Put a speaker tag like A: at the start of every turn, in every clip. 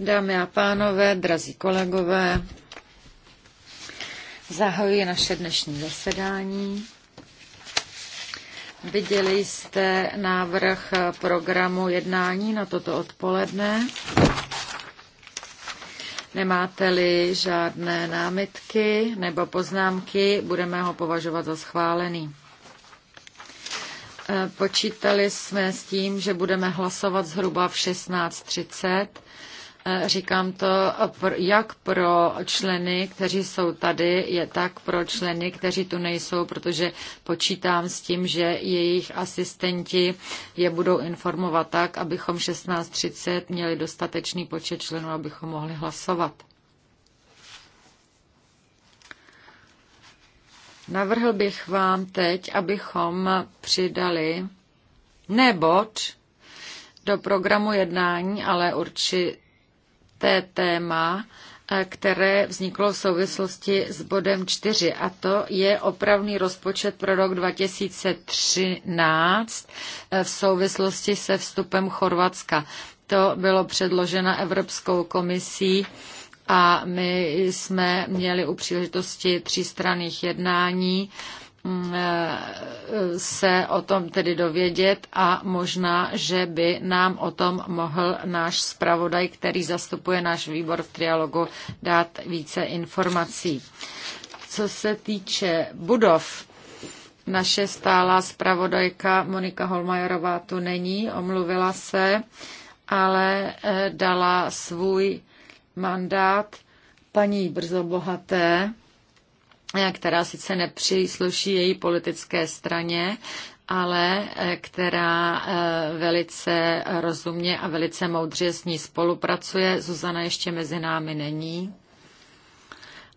A: Dámy a pánové, drazí kolegové, zahajuji naše dnešní zasedání. Viděli jste návrh programu jednání na toto odpoledne. Nemáte-li žádné námitky nebo poznámky, budeme ho považovat za schválený. Eh, počítali jsme s tím, že budeme hlasovat zhruba v 16.30. Eh, říkám to eh, jak pro členy, kteří jsou tady, je tak pro členy, kteří tu nejsou, protože počítám s tím, že jejich asistenti je budou informovat tak, abychom 16.30 měli dostatečný počet členů, abychom mohli hlasovat. Navrhl bych vám teď, abychom přidali ne do programu jednání, ale určité téma, eh, které vzniklo v souvislosti s bodem 4, a to je opravný rozpočet pro rok 2013 eh, v souvislosti se vstupem Chorvatska. To bylo předloženo Evropskou komisí a my jsme měli u příležitosti třístranných jednání mm, e, se o tom tedy dovědět a možná, že by nám o tom mohl náš zpravodaj, který zastupuje náš výbor v trialogu, dát více informací. Co se týče budov, naše stálá zpravodajka Monika Holmajerová tu není, omluvila se, ale e, dala svůj mandát paní Brzo Bohaté, která sice nepřísluší její politické straně, ale eh, která eh, velice rozumně a velice moudře s ní spolupracuje. Zuzana ještě mezi námi není,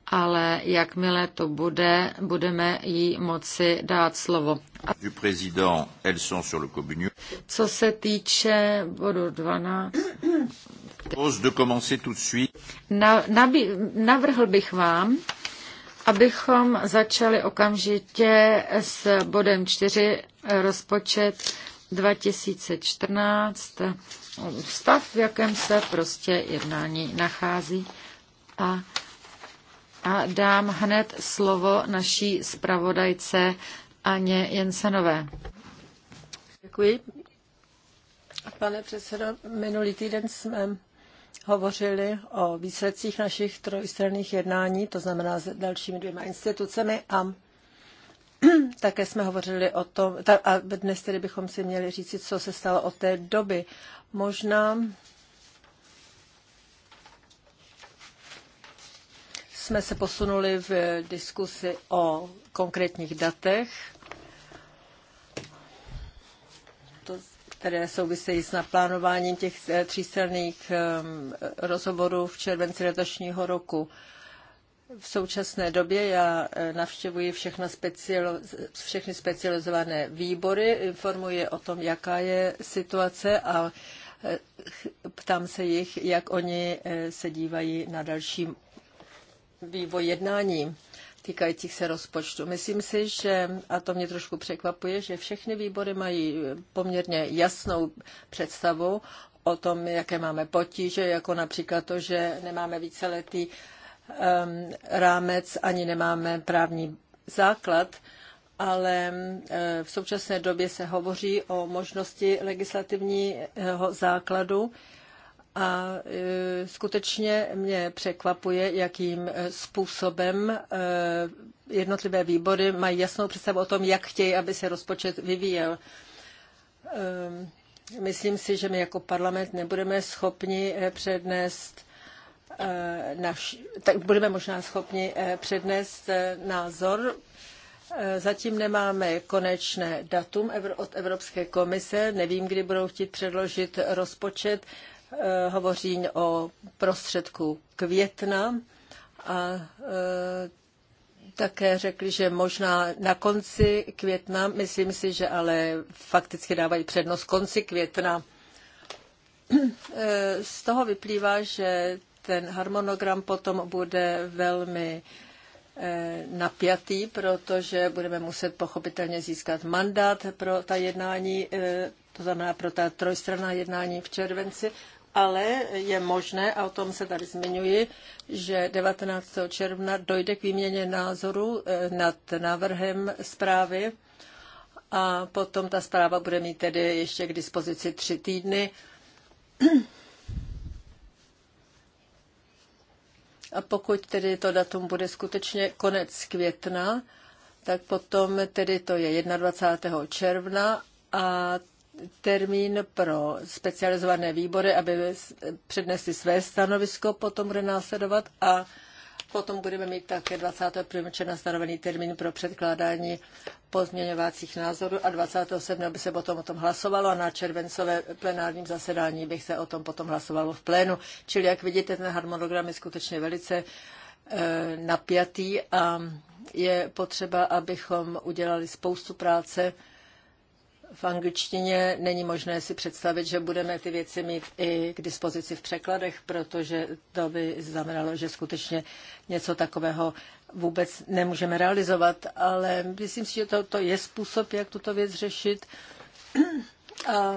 A: ale jakmile to bude, budeme jí moci dát slovo. Co se týče bodu 12, navrhl bych vám, abychom začali okamžitě s bodem 4 rozpočet 2014, stav, v jakém se prostě jednání nachází. A, a dám hned slovo naší zpravodajce Aně Jensenové.
B: Děkuji. Pane předsedo, minulý týden jsme hovořili o výsledcích našich trojstranných jednání, to znamená s dalšími dvěma institucemi a také jsme hovořili o tom, a dnes tedy bychom si měli říct, co se stalo od té doby. Možná jsme se posunuli v diskusi o konkrétních datech, které souvisejí s naplánováním těch eh, třístranných eh, rozhovorů v červenci letošního roku. V současné době já eh, navštěvuji všechna speciál, všechny specializované výbory, informuji o tom, jaká je situace a ptám se jich, jak oni se dívají na další vývoj jednání týkajících se rozpočtu. Myslím si, že, a to mě trošku překvapuje, že všechny výbory mají poměrně jasnou představu o tom, jaké máme potíže, jako například to, že nemáme víceletý um, rámec ani nemáme právní základ, ale um, v současné době se hovoří o možnosti legislativního základu. A e, skutečně mě překvapuje, jakým e, způsobem e, jednotlivé výbory mají jasnou představu o tom, jak chtějí, aby se rozpočet vyvíjel. Myslím si, že my jako parlament nebudeme schopni přednést naš, tak budeme možná schopni přednést názor. Zatím nemáme konečné datum od Evropské komise, nevím, kdy budou chtít předložit rozpočet. Eh, hovoří o prostředku května a eh, také řekli, že možná na konci května, myslím si, že ale fakticky dávají přednost konci května. Eh, z toho vyplývá, že ten harmonogram potom bude velmi napjatý, protože budeme muset pochopitelně získat mandát pro ta jednání, to znamená pro ta trojstranná jednání v červenci ale je možné, a o tom se tady zmiňuji, že 19. června dojde k výměně názoru eh, nad návrhem zprávy a potom ta zpráva bude mít tedy ještě k dispozici tři týdny. A pokud tedy to datum bude skutečně konec května, tak potom tedy to je 21. června a termín pro specializované výbory, aby přednesli své stanovisko, potom bude následovat a potom budeme mít také 21. června stanovený termín pro předkládání pozměňovacích názorů a 27. by se potom o tom hlasovalo a na červencové plenárním zasedání bych se o tom potom hlasovalo v plénu. Čili jak vidíte, ten harmonogram je skutečně velice e, napjatý a je potřeba, abychom udělali spoustu práce v angličtině není možné si představit, že budeme ty věci mít i k dispozici v překladech, protože to by znamenalo, že skutečně něco takového vůbec nemůžeme realizovat, ale myslím si, že to, to je způsob, jak tuto věc řešit. A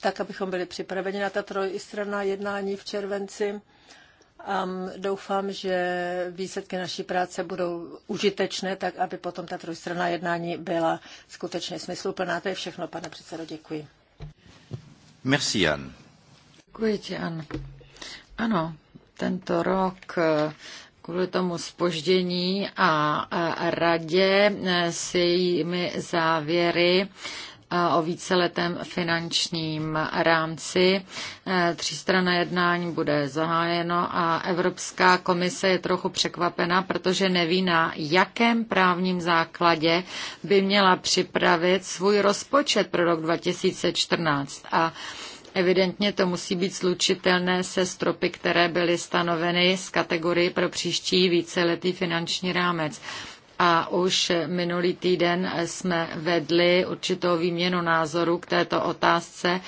B: tak, abychom byli připraveni na ta trojistranná jednání v červenci. Um, doufám, že výsledky naší práce budou užitečné, tak aby potom ta trojstranná jednání byla skutečně smysluplná. To je všechno, pane předsedo, děkuji.
C: Merci, Jan.
B: Děkuji ti, Jan.
A: Ano, tento rok eh, kvůli tomu spoždění a eh, radě eh, s jejími závěry o víceletém finančním rámci. Eh, třístranné jednání bude zahájeno a Evropská komise je trochu překvapena, protože neví na jakém právním základě by měla připravit svůj rozpočet pro rok 2014. A Evidentně to musí být slučitelné se stropy, které byly stanoveny z kategorii pro příští víceletý finanční rámec a už minulý týden jsme vedli určitou výměnu názoru k této otázce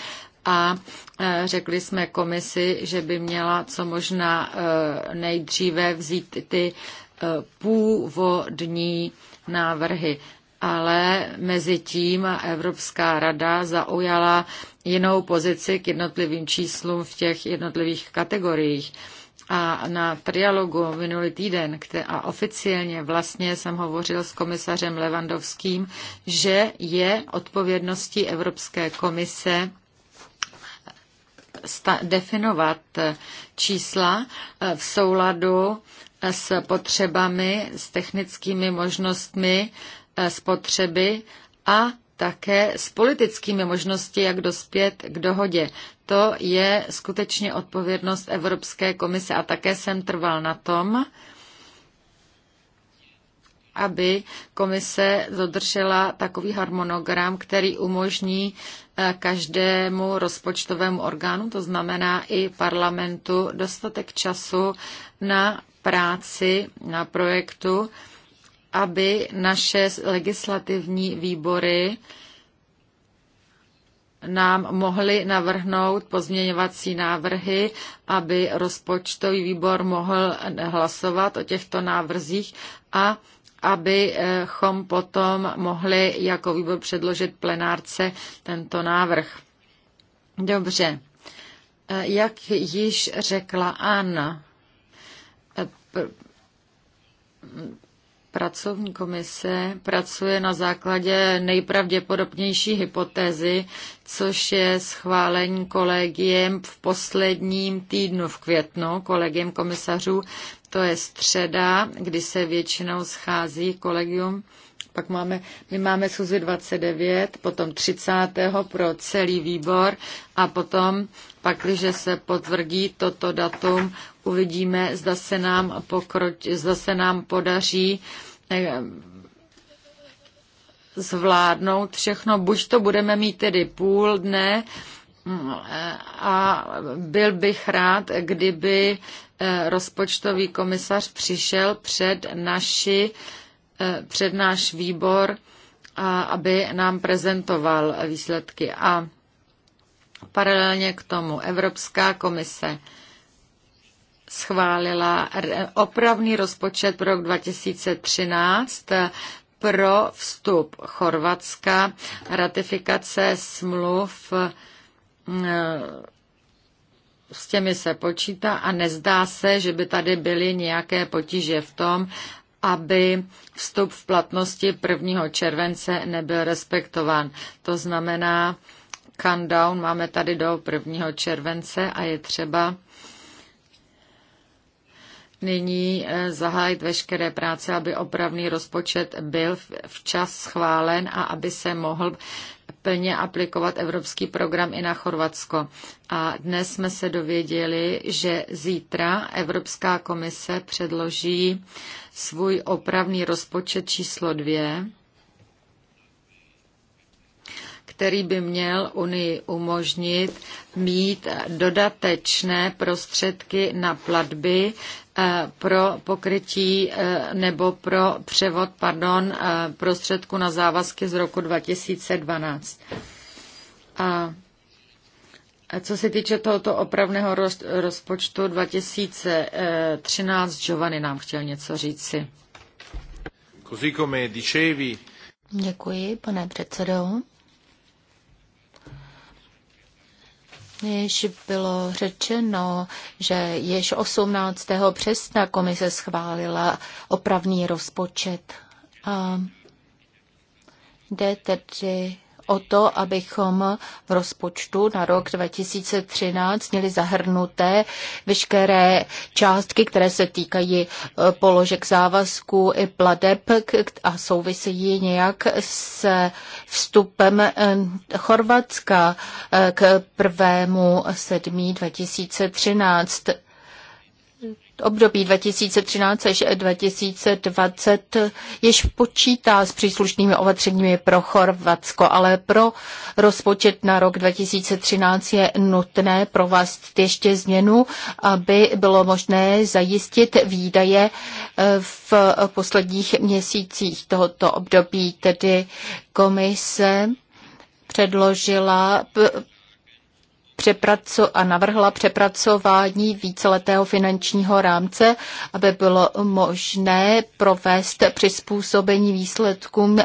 A: a e, řekli jsme komisi, že by měla co možná e, nejdříve vzít ty e, původní návrhy. Ale mezi tím Evropská rada zaujala jinou pozici k jednotlivým číslům v těch jednotlivých kategoriích. A na trialogu minulý týden a oficiálně vlastně jsem hovořil s komisařem Levandovským, že je odpovědností Evropské komise definovat čísla eh, v souladu eh, s potřebami, s technickými možnostmi eh, spotřeby a také s politickými možnosti, jak dospět k dohodě to je skutečně odpovědnost Evropské komise a také jsem trval na tom, aby komise dodržela takový harmonogram, který umožní eh, každému rozpočtovému orgánu, to znamená i parlamentu, dostatek času na práci, na projektu, aby naše legislativní výbory nám mohli navrhnout pozměňovací návrhy, aby rozpočtový výbor mohl hlasovat o těchto návrzích a abychom potom mohli jako výbor předložit plenárce tento návrh. Dobře. Jak již řekla Anna, pracovní komise pracuje na základě nejpravděpodobnější hypotézy, což je schválení kolegiem v posledním týdnu v květnu, kolegiem komisařů. To je středa, kdy se většinou schází kolegium. Pak máme, my máme schůzi 29, potom 30. pro celý výbor a potom Pakliže se potvrdí toto datum, uvidíme, zda se nám, pokroč, zda se nám podaří eh, zvládnout všechno. Buď to budeme mít tedy půl dne, mm, eh, a byl bych rád, kdyby eh, rozpočtový komisař přišel před, naši, před náš výbor, a aby nám prezentoval výsledky. A Paralelně k tomu Evropská komise schválila opravný rozpočet pro rok 2013 pro vstup Chorvatska, ratifikace smluv eh, s těmi se počítá a nezdá se, že by tady byly nějaké potíže v tom, aby vstup v platnosti 1. července nebyl respektován. To znamená, countdown máme tady do 1. července a je třeba nyní eh, zahájit veškeré práce, aby opravný rozpočet byl včas schválen a aby se mohl plně aplikovat evropský program i na Chorvatsko. A dnes jsme se dověděli, že zítra Evropská komise předloží svůj opravný rozpočet číslo dvě který by měl Unii umožnit mít dodatečné prostředky na platby eh, pro pokrytí eh, nebo pro převod pardon, eh, prostředku na závazky z roku 2012. A co se týče tohoto opravného rozpočtu 2013, Giovanni nám chtěl něco říci.
D: Děkuji, pane předsedo. Již bylo řečeno, že již 18. března komise schválila opravný rozpočet. A jde tedy o to, abychom v rozpočtu na rok 2013 měli zahrnuté veškeré částky, které se týkají e, položek závazků i pladeb a souvisejí nějak s vstupem e, Chorvatska e, k 1. 7. 2013 období 2013 až 2020 již počítá s příslušnými opatřeními pro Chorvatsko, ale pro rozpočet na rok 2013 je nutné provést ještě změnu, aby bylo možné zajistit výdaje eh, v posledních měsících tohoto období, tedy komise předložila přepraco- a navrhla přepracování víceletého finančního rámce, aby bylo možné provést přizpůsobení výsledkům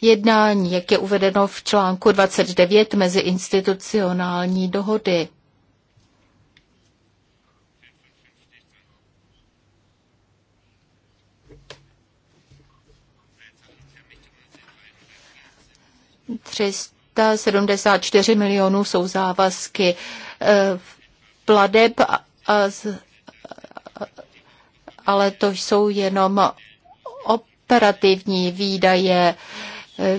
D: jednání, jak je uvedeno v článku 29 mezi institucionální dohody. Třist 74 milionů jsou závazky eh, pladeb, ale to jsou jenom operativní výdaje eh,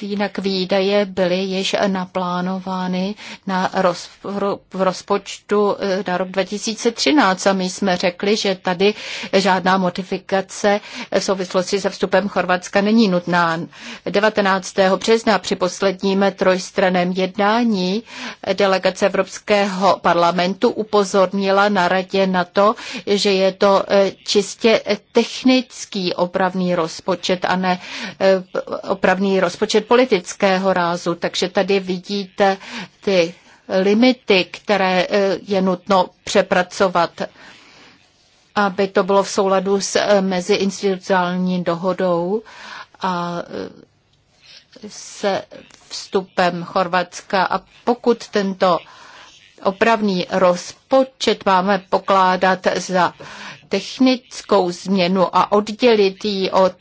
D: jinak výdaje byly již naplánovány na roz, v rozpočtu e, na rok 2013 a my jsme řekli, že tady žádná modifikace v souvislosti se vstupem Chorvatska není nutná. 19. března při posledním trojstraném jednání delegace Evropského parlamentu upozornila na radě na to, že je to e, čistě technický opravný rozpočet a ne e, opravný úsporný rozpočet politického rázu, takže tady vidíte ty limity, které eh, je nutno přepracovat, aby to bylo v souladu s eh, meziinstitucionální dohodou a eh, se vstupem Chorvatska. A pokud tento opravný rozpočet máme pokládat za technickou změnu a oddělit ji od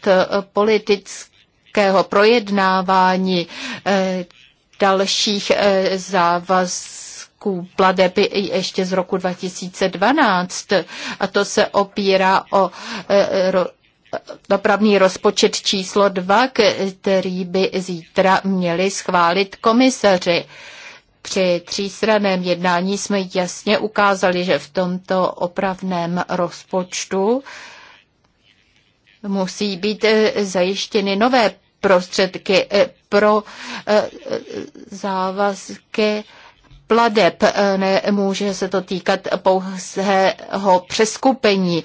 D: politické, nějakého projednávání eh, dalších eh, závazků i ještě z roku 2012. A to se opírá o eh, dopravní rozpočet číslo 2, který by zítra měli schválit komisaři. Při třístraném jednání jsme jasně ukázali, že v tomto opravném rozpočtu musí být eh, zajištěny nové prostředky eh, pro eh, závazky pladeb. Nemůže se to týkat pouhého přeskupení.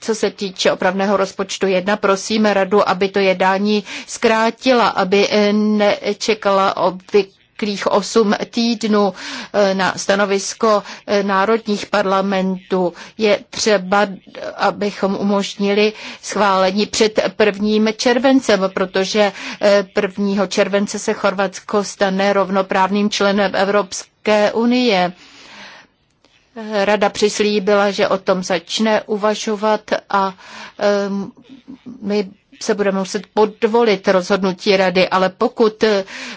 D: Co se týče opravného rozpočtu 1, prosíme radu, aby to jednání zkrátila, aby nečekala obvykle obvyklých 8 týdnů eh, na stanovisko eh, národních parlamentů. Je třeba, eh, abychom umožnili schválení před prvním červencem, protože 1. července se Chorvatsko stane rovnoprávným členem Evropské unie. Rada přislíbila, že o tom začne uvažovat a my se bude muset podvolit rozhodnutí rady, ale pokud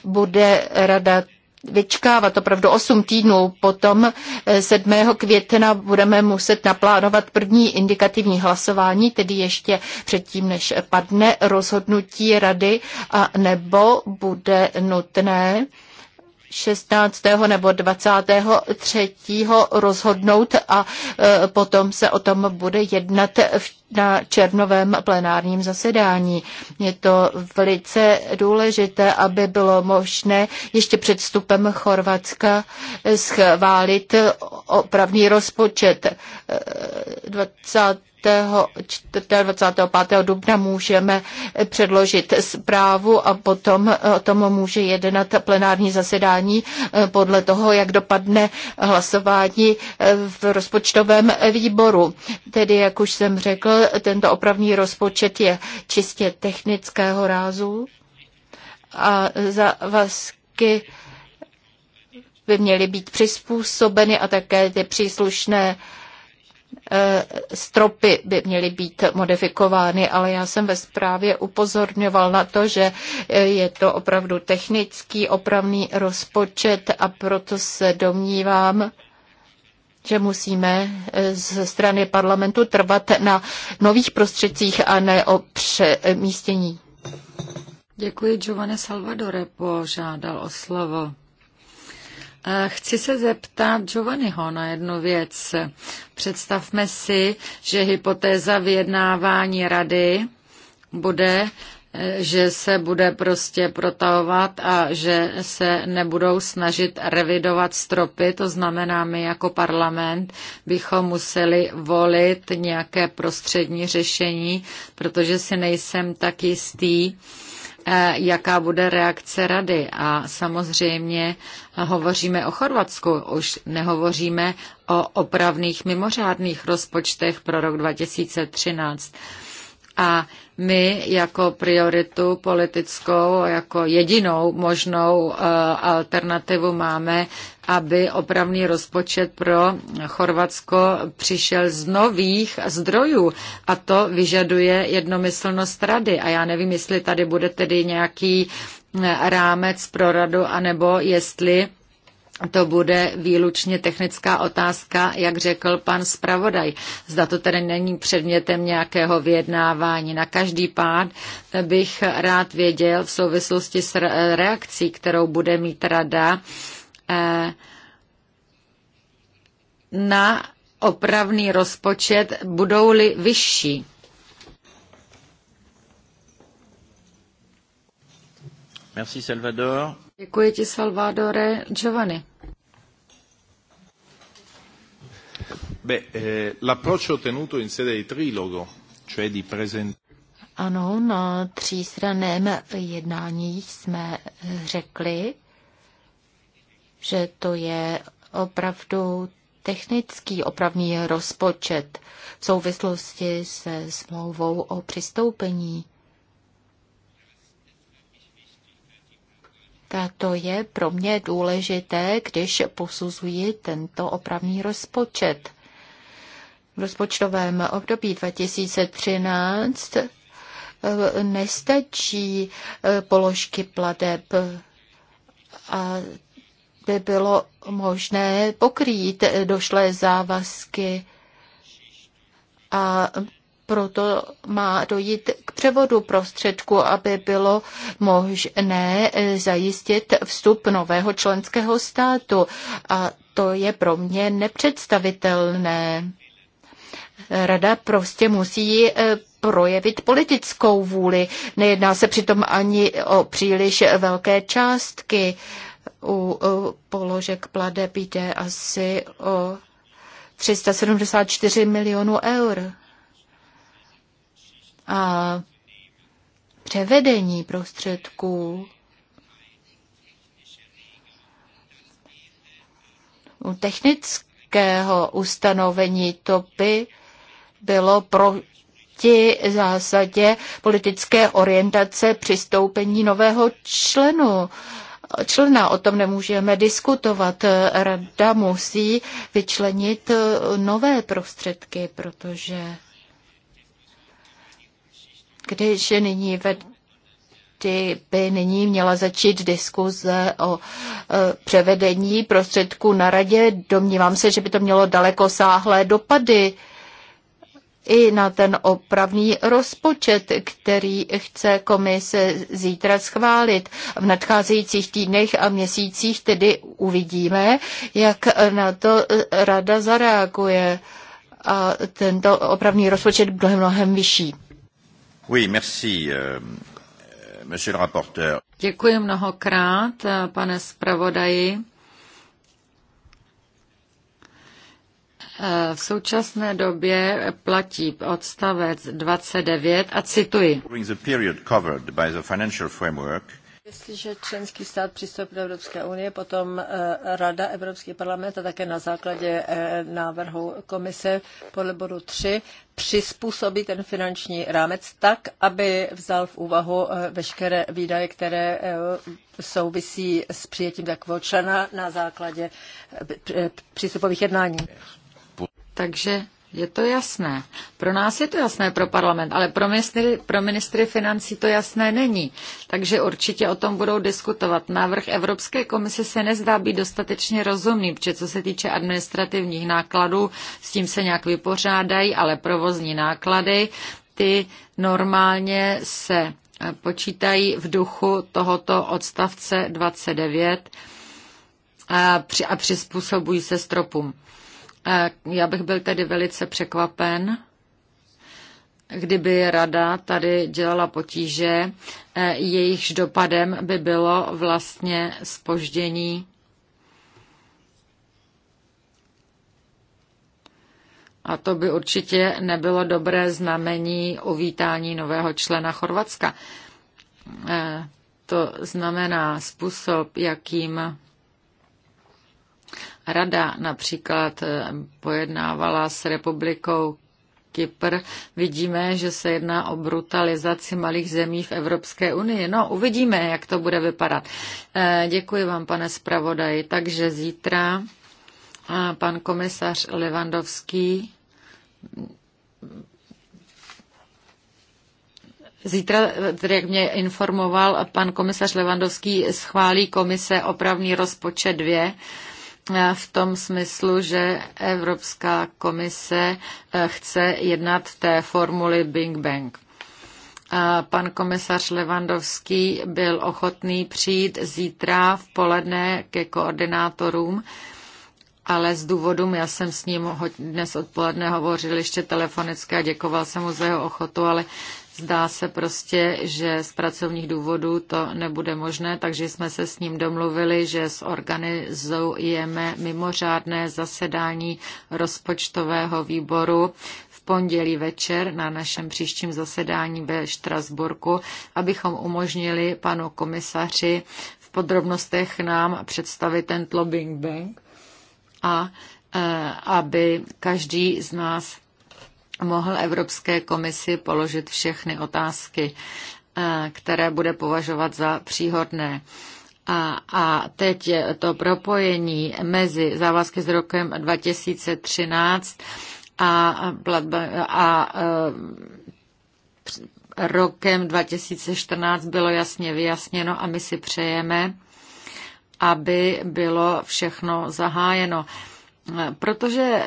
D: bude rada vyčkávat opravdu 8 týdnů, potom 7. května budeme muset naplánovat první indikativní hlasování, tedy ještě předtím, než padne rozhodnutí rady, a nebo bude nutné 16. nebo 23. rozhodnout a e, potom se o tom bude jednat na červnovém plenárním zasedání. Je to velice důležité, aby bylo možné ještě před vstupem Chorvatska schválit opravný rozpočet 20. E, 24. dubna můžeme předložit zprávu a potom o tom může jednat plenární zasedání eh, podle toho, jak dopadne hlasování eh, v rozpočtovém výboru. Tedy, jak už jsem řekl, tento opravný rozpočet je čistě technického rázu a závazky by měly být přizpůsobeny a také ty příslušné Eh, stropy by měly být modifikovány, ale já jsem ve zprávě upozorňoval na to, že eh, je to opravdu technický opravný rozpočet a proto se domnívám, že musíme eh, ze strany parlamentu trvat na nových prostředcích a ne o přemístění.
A: Děkuji, Giovanni Salvadore požádal o slovo. Chci se zeptat Giovanniho na jednu věc. Představme si, že hypotéza vyjednávání rady bude eh, že se bude prostě protahovat a že se nebudou snažit revidovat stropy. To znamená, my jako parlament bychom museli volit nějaké prostřední řešení, protože si nejsem tak jistý, Eh, jaká bude reakce rady. A samozřejmě hovoříme o Chorvatsku, už nehovoříme o opravných mimořádných rozpočtech pro rok 2013. A my jako prioritu politickou, jako jedinou možnou eh, alternativu máme, aby opravný rozpočet pro Chorvatsko přišel z nových zdrojů. A to vyžaduje jednomyslnost rady. A já nevím, jestli tady bude tedy nějaký eh, rámec pro radu, anebo jestli to bude výlučně technická otázka, jak řekl pan zpravodaj. Zda to tedy není předmětem nějakého vyjednávání. Na každý pád bych rád věděl v souvislosti s reakcí, kterou bude mít rada eh, na opravný rozpočet, budou-li vyšší.
C: Merci Salvador.
A: Děkuji ti, Salvadore. Giovanni.
C: Beh, eh, l'approccio in sede di trilogo, cioè di presentare
D: ano, na třístraném jednání jsme eh, řekli, že to je opravdu technický opravný rozpočet v souvislosti se smlouvou o přistoupení. Tato je pro mě důležité, když posuzuji tento opravný rozpočet v rozpočtovém období 2013 eh, nestačí eh, položky pladeb a by bylo možné pokrýt eh, došlé závazky a proto má dojít k převodu prostředku, aby bylo možné zajistit vstup nového členského státu. A to je pro mě nepředstavitelné. Rada prostě musí e, projevit politickou vůli. Nejedná se přitom ani o příliš velké částky. U položek pladeb jde asi o 374 milionů eur. A převedení prostředků u technického ustanovení to by bylo pro proti zásadě politické orientace přistoupení nového členu. Člena o tom nemůžeme diskutovat. Rada musí vyčlenit e, nové prostředky, protože když nyní ved by nyní měla začít diskuze o e, převedení prostředků na radě. Domnívám se, že by to mělo daleko sáhlé dopady. E, i na ten opravný rozpočet, který chce komise zítra schválit. V nadcházejících týdnech a měsících tedy uvidíme, jak na to rada zareaguje a tento opravný rozpočet bude mnohem vyšší.
C: Oui, merci, euh, monsieur le rapporteur.
D: Děkuji mnohokrát,
A: pane zpravodaji. Eh, v současné době platí odstavec 29 a cituji.
B: Jestliže členský stát přistoupí do Evropské unie, potom eh, Rada, Evropský parlament a také na základě eh, návrhu komise podle bodu 3 přizpůsobí ten finanční rámec tak, aby vzal v úvahu veškeré výdaje, které souvisí s přijetím takového člena na základě přístupových jednání. Takže je to jasné.
A: Pro nás je to jasné, pro parlament, ale pro ministry, pro ministry financí to jasné není. Takže určitě o tom budou diskutovat. Návrh Evropské komise se nezdá být dostatečně rozumný, protože co se týče administrativních nákladů, s tím se nějak vypořádají, ale provozní náklady, ty normálně se eh, počítají v duchu tohoto odstavce 29 a, eh, při, a přizpůsobují se stropům. Já bych byl tedy velice překvapen, kdyby rada tady dělala potíže, eh, jejichž dopadem by bylo vlastně spoždění A to by určitě nebylo dobré znamení o vítání nového člena Chorvatska. Eh, to znamená způsob, jakým Rada například eh, pojednávala s republikou Kypr. Vidíme, že se jedná o brutalizaci malých zemí v Evropské unii. No, uvidíme, jak to bude vypadat. Eh, děkuji vám, pane zpravodaji. Takže zítra pan komisař Levandovský Zítra, tedy jak mě informoval pan komisař Levandovský, schválí komise opravný rozpočet 2 v tom smyslu, že Evropská komise eh, chce jednat v té formuli Big Bang. A pan komisař Levandovský byl ochotný přijít zítra v poledne ke koordinátorům, ale z důvodu, já jsem s ním dnes odpoledne hovořil ještě telefonicky a děkoval jsem mu za jeho ochotu, ale Zdá se prostě, že z pracovních důvodů to nebude možné, takže jsme se s ním domluvili, že zorganizujeme mimořádné zasedání rozpočtového výboru v pondělí večer na našem příštím zasedání ve Štrasburku, abychom umožnili panu komisaři v podrobnostech nám představit ten lobbying bank a eh, aby každý z nás mohl Evropské komisi položit všechny otázky, eh, které bude považovat za příhodné. A, a teď je to propojení mezi závazky s rokem 2013 a, a, a eh, rokem 2014 bylo jasně vyjasněno a my si přejeme, aby bylo všechno zahájeno. Protože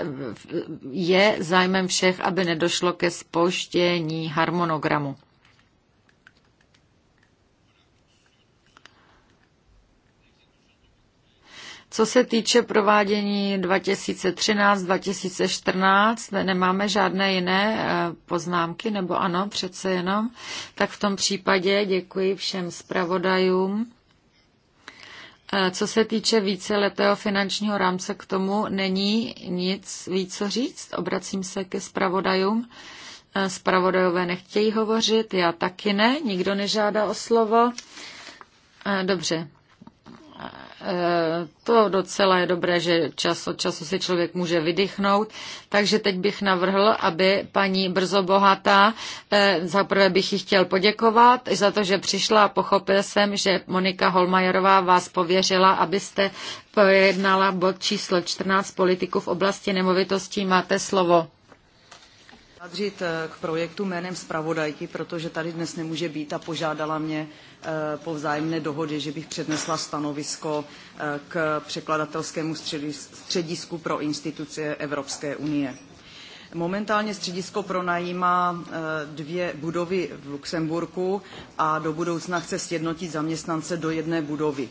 A: je zájmem všech, aby nedošlo ke spoštění harmonogramu. Co se týče provádění 2013-2014, nemáme žádné jiné eh, poznámky, nebo ano, přece jenom. Tak v tom případě děkuji všem zpravodajům co se týče víceletého finančního rámce, k tomu není nic víc co říct. Obracím se ke zpravodajům. Zpravodajové nechtějí hovořit, já taky ne, nikdo nežádá o slovo. Dobře, to docela je dobré, že čas od času si člověk může vydechnout. Takže teď bych navrhl, aby paní Brzo Bohatá, eh, za prvé bych jí chtěl poděkovat za to, že přišla a pochopil jsem, že Monika Holmajerová vás pověřila, abyste pojednala bod číslo 14 politiku v oblasti nemovitostí. Máte slovo
E: vyjádřit eh, k projektu jménem zpravodajky, protože tady dnes nemůže být a požádala mě eh, po vzájemné dohodě, že bych přednesla stanovisko eh, k překladatelskému středisku pro instituce Evropské unie. Momentálně středisko pronajímá dvě budovy v Luxemburku a do budoucna chce sjednotit zaměstnance do jedné budovy.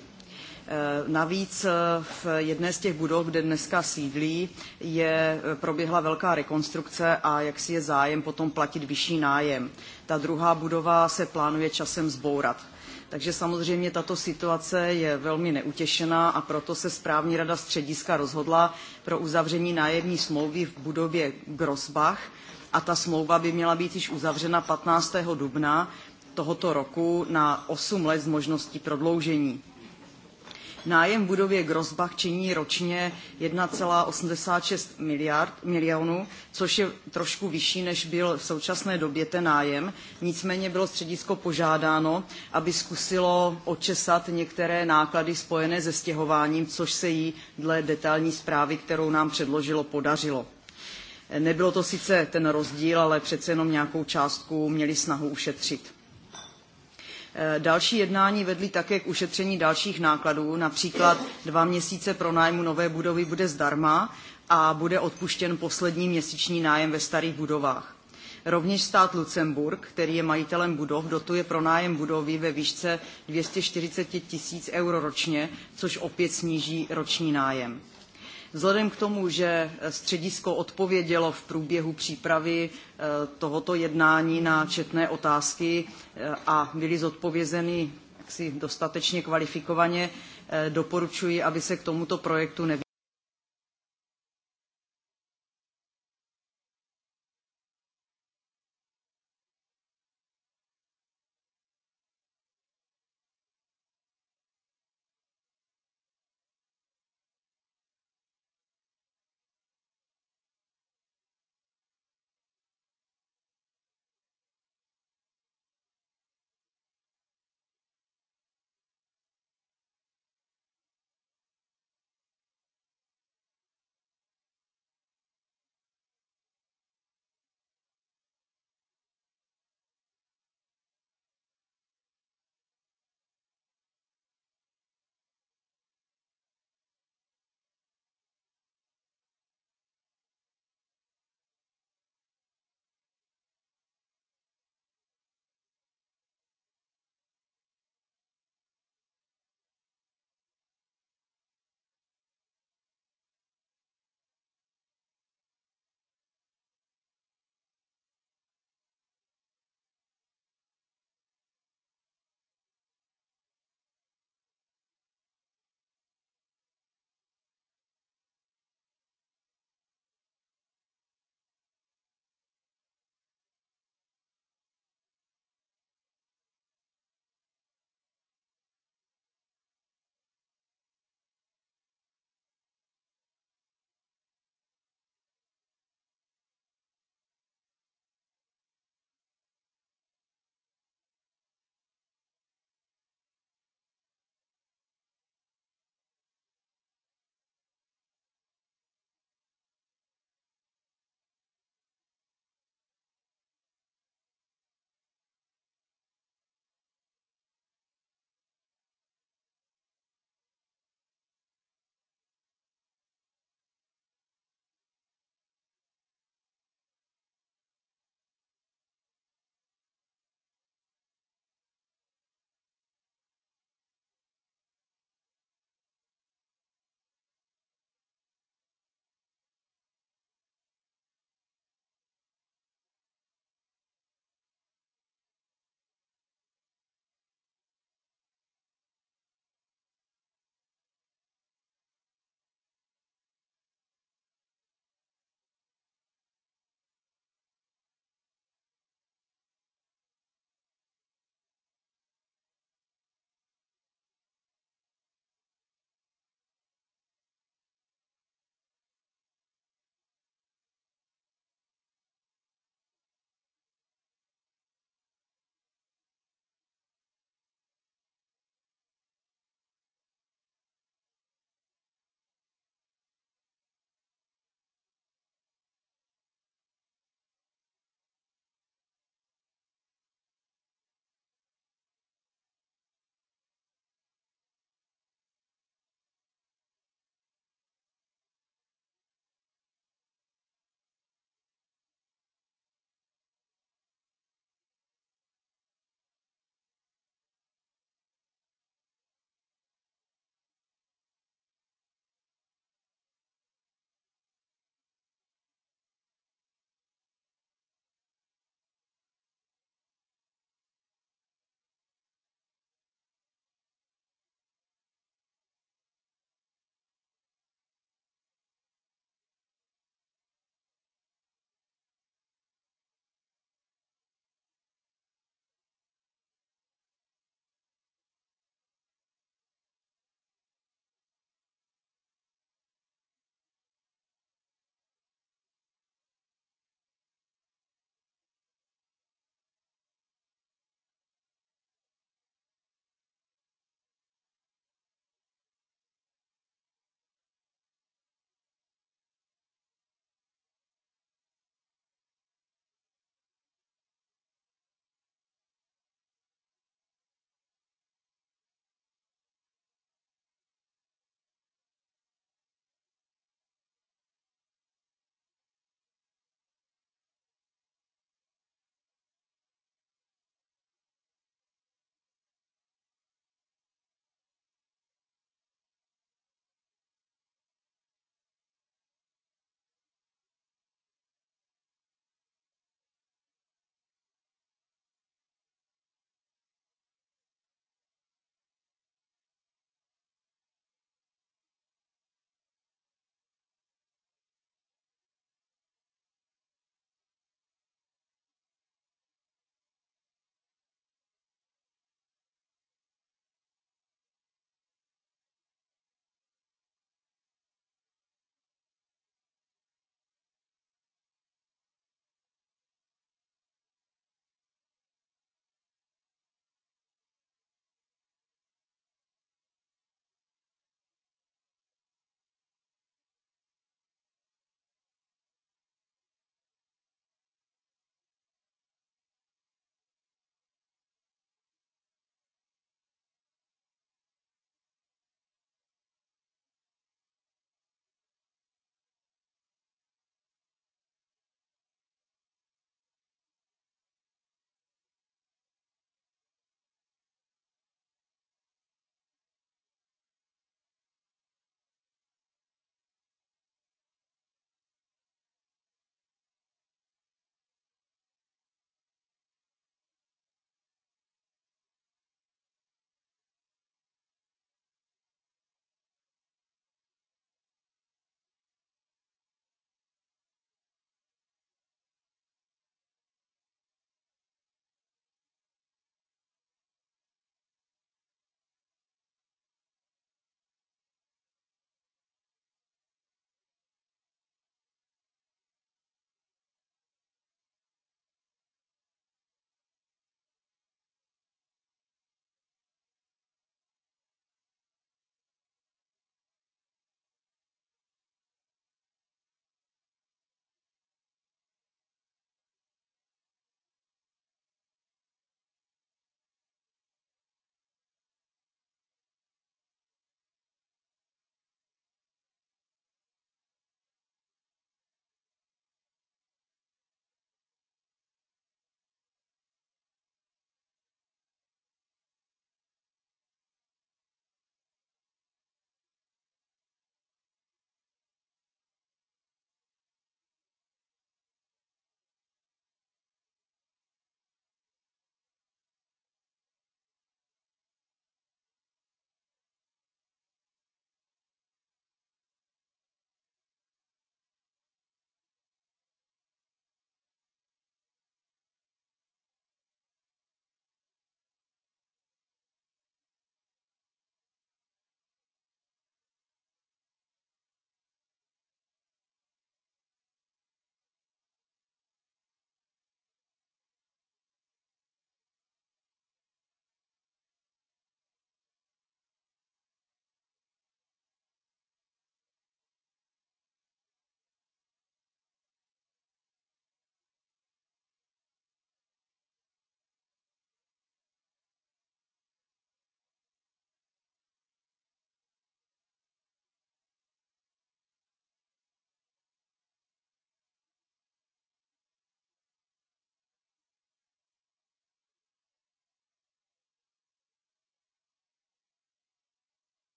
E: Eh, navíc eh, v jedné z těch budov, kde dneska sídlí, je, eh, proběhla velká rekonstrukce a jak si je zájem potom platit vyšší nájem. Ta druhá budova se plánuje časem zbourat. Takže samozřejmě tato situace je velmi neutěšená a proto se správní rada střediska rozhodla pro uzavření nájemní smlouvy v budově Grosbach a ta smlouva by měla být již uzavřena 15. dubna tohoto roku na 8 let s možností prodloužení. Nájem budově Grosbach činí ročně 1,86 miliard milionů, což je trošku vyšší, než byl v současné době ten nájem. Nicméně bylo středisko požádáno, aby zkusilo očesat některé náklady spojené se stěhováním, což se jí dle detailní zprávy, kterou nám předložilo, podařilo. Nebylo to sice ten rozdíl, ale přece jenom nějakou částku měli snahu ušetřit. Eh, další jednání vedly také k ušetření dalších nákladů, například dva měsíce pronájmu nové budovy bude zdarma a bude odpuštěn poslední měsíční nájem ve starých budovách. Rovněž stát Lucemburg, který je majitelem budov, dotuje pronájem budovy ve výšce 240 tisíc euro ročně, což opět sníží roční nájem. Vzhledem k tomu, že středisko odpovědělo v průběhu přípravy eh, tohoto jednání na četné otázky eh, a byly zodpovězeny jaksi dostatečně kvalifikovaně, eh, doporučuji, aby se k tomuto projektu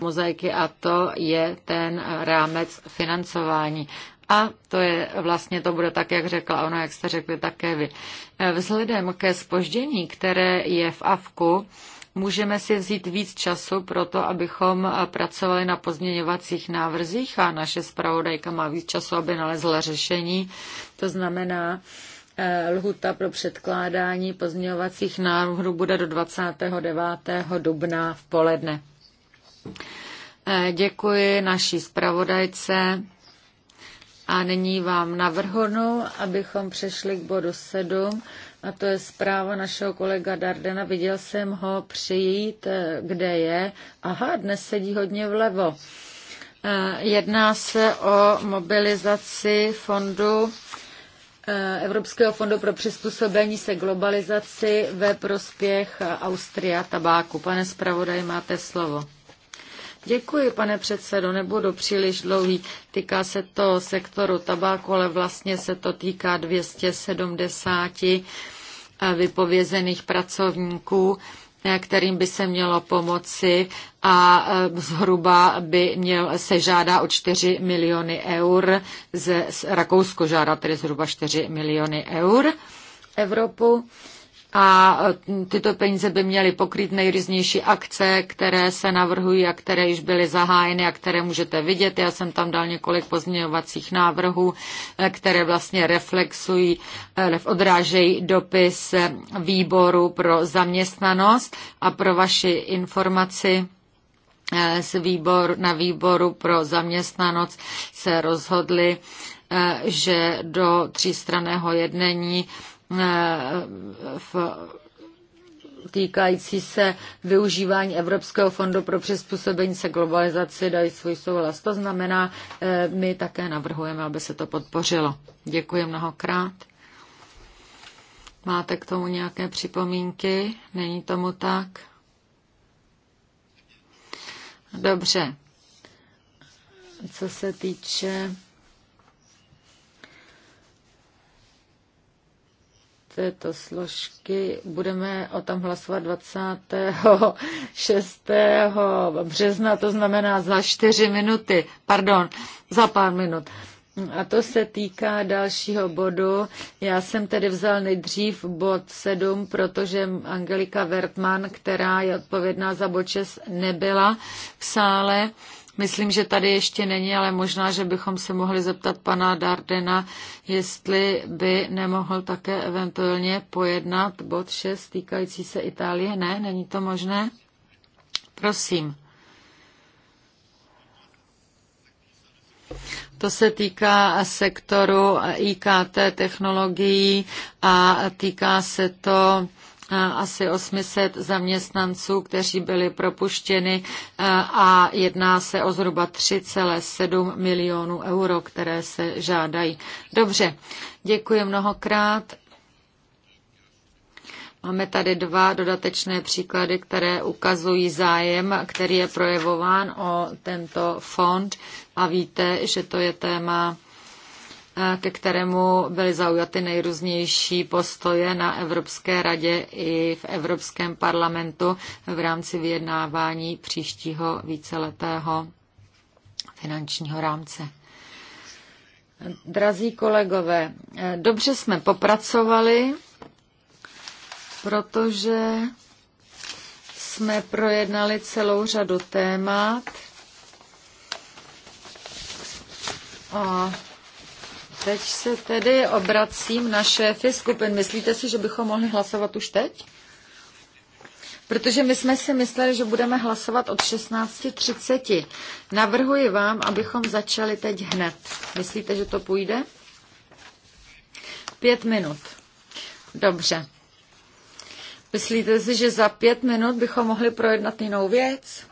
A: mozaiky a to je ten rámec financování. A to je vlastně, to bude tak, jak řekla ona, jak jste řekli také vy. Vzhledem ke spoždění, které je v AVKu, můžeme si vzít víc času pro to, abychom pracovali na pozměňovacích návrzích a naše zpravodajka má víc času, aby nalezla řešení. To znamená, eh, lhuta pro předkládání pozměňovacích návrhů bude do 29. dubna v poledne. Eh, děkuji naší zpravodajce a nyní vám navrhnu, abychom přešli k bodu 7 a to je zpráva našeho kolega Dardena. Viděl jsem ho přijít, eh, kde je. Aha, dnes sedí hodně vlevo. Eh, jedná se o mobilizaci fondu Evropského fondu pro přizpůsobení se globalizaci ve prospěch Austria tabáku. Pane zpravodaj, máte slovo. Děkuji, pane předsedo, nebudu příliš dlouhý. Týká se to sektoru tabáku, ale vlastně se to týká 270 eh, vypovězených pracovníků eh, kterým by se mělo pomoci a eh, zhruba by měl, se žádá o 4 miliony eur, z, z Rakousko žádá tedy zhruba 4 miliony eur Evropu a e, tyto peníze by měly pokrýt nejrůznější akce, které se navrhují a které již byly zahájeny a které můžete vidět. Já jsem tam dal několik pozměňovacích návrhů, e, které vlastně reflexují, e, odrážejí dopis výboru pro zaměstnanost a pro vaši informaci z výboru na výboru pro zaměstnanost se rozhodli, že do třístraného jednání v týkající se využívání Evropského fondu pro přizpůsobení se globalizaci dají svůj souhlas. To znamená, eh, my také navrhujeme, aby se to podpořilo. Děkuji mnohokrát. Máte k tomu nějaké připomínky? Není tomu tak? Dobře. Co se týče této složky. Budeme o tom hlasovat 26. března, to znamená za čtyři minuty, pardon, za pár minut. A to se týká dalšího bodu. Já jsem tedy vzal nejdřív bod 7, protože Angelika Wertmann, která je odpovědná za bod 6, nebyla v sále. Myslím, že tady ještě není, ale možná, že bychom se mohli zeptat pana Dardena, jestli by nemohl také eventuálně pojednat bod 6 týkající se Itálie. Ne, není to možné? Prosím. To se týká sektoru IKT technologií a týká se to asi 800 zaměstnanců, kteří byli propuštěni a jedná se o zhruba 3,7 milionů euro, které se žádají. Dobře, děkuji mnohokrát. Máme tady dva dodatečné příklady, které ukazují zájem, který je projevován o tento fond a víte, že to je téma ke kterému byly zaujaty nejrůznější postoje na Evropské radě i v Evropském parlamentu v rámci vyjednávání příštího víceletého finančního rámce. Drazí kolegové, dobře jsme popracovali, protože jsme projednali celou řadu témat. A Teď se tedy obracím na šéfy skupin. Myslíte si, že bychom mohli hlasovat už teď? Protože my jsme si mysleli, že budeme hlasovat od 16.30. Navrhuji vám, abychom začali teď hned. Myslíte, že to půjde? Pět minut. Dobře. Myslíte si, že za pět minut bychom mohli projednat jinou věc?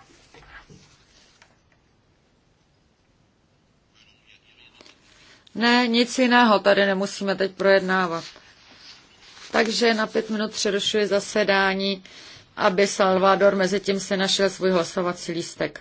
A: Ne, nic jiného tady nemusíme teď projednávat. Takže na pět minut přerušuji zasedání, aby Salvador mezi tím si našel svůj hlasovací lístek.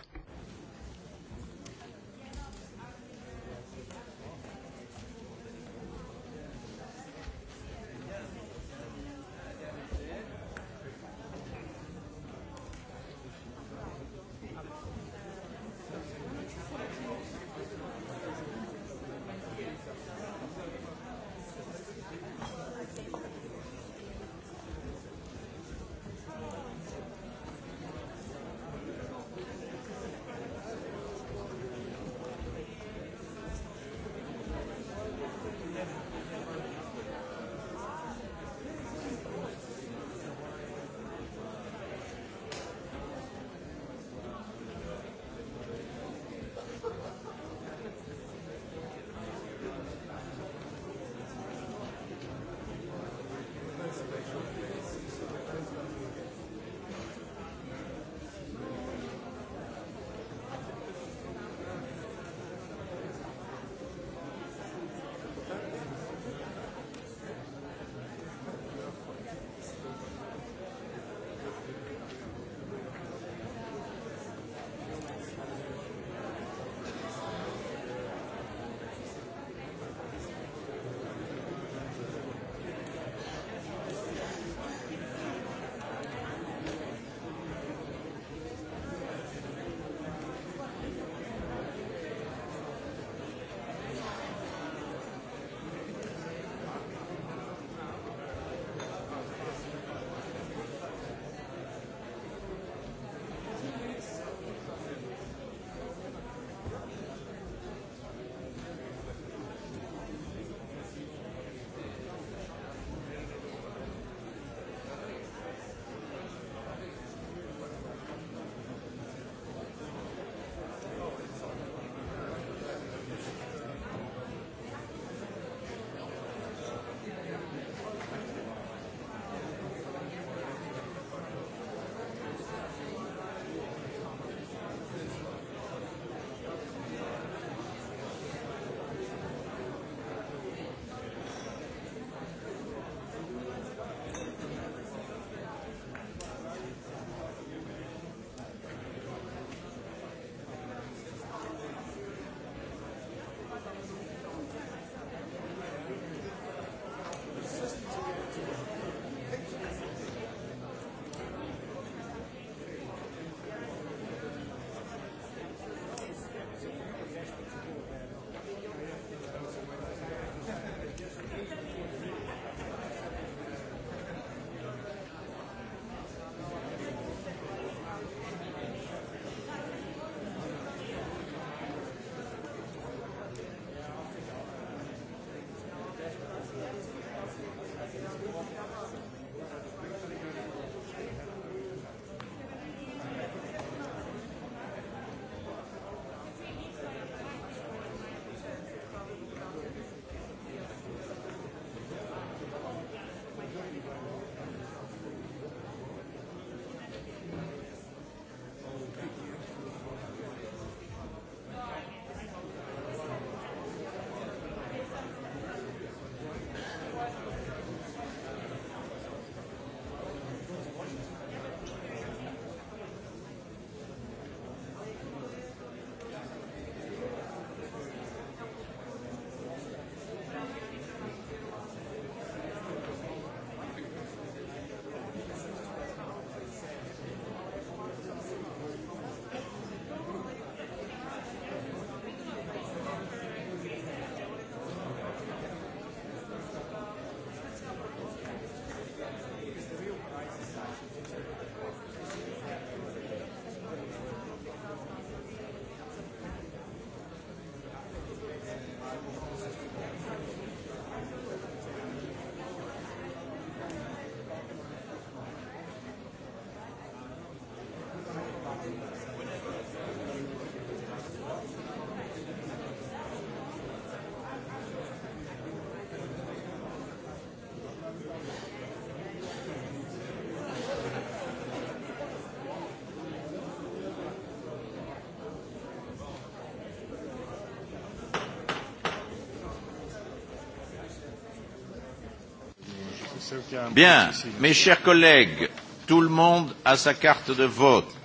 C: Bien, mes chers collègues, tout le monde a sa carte de vote.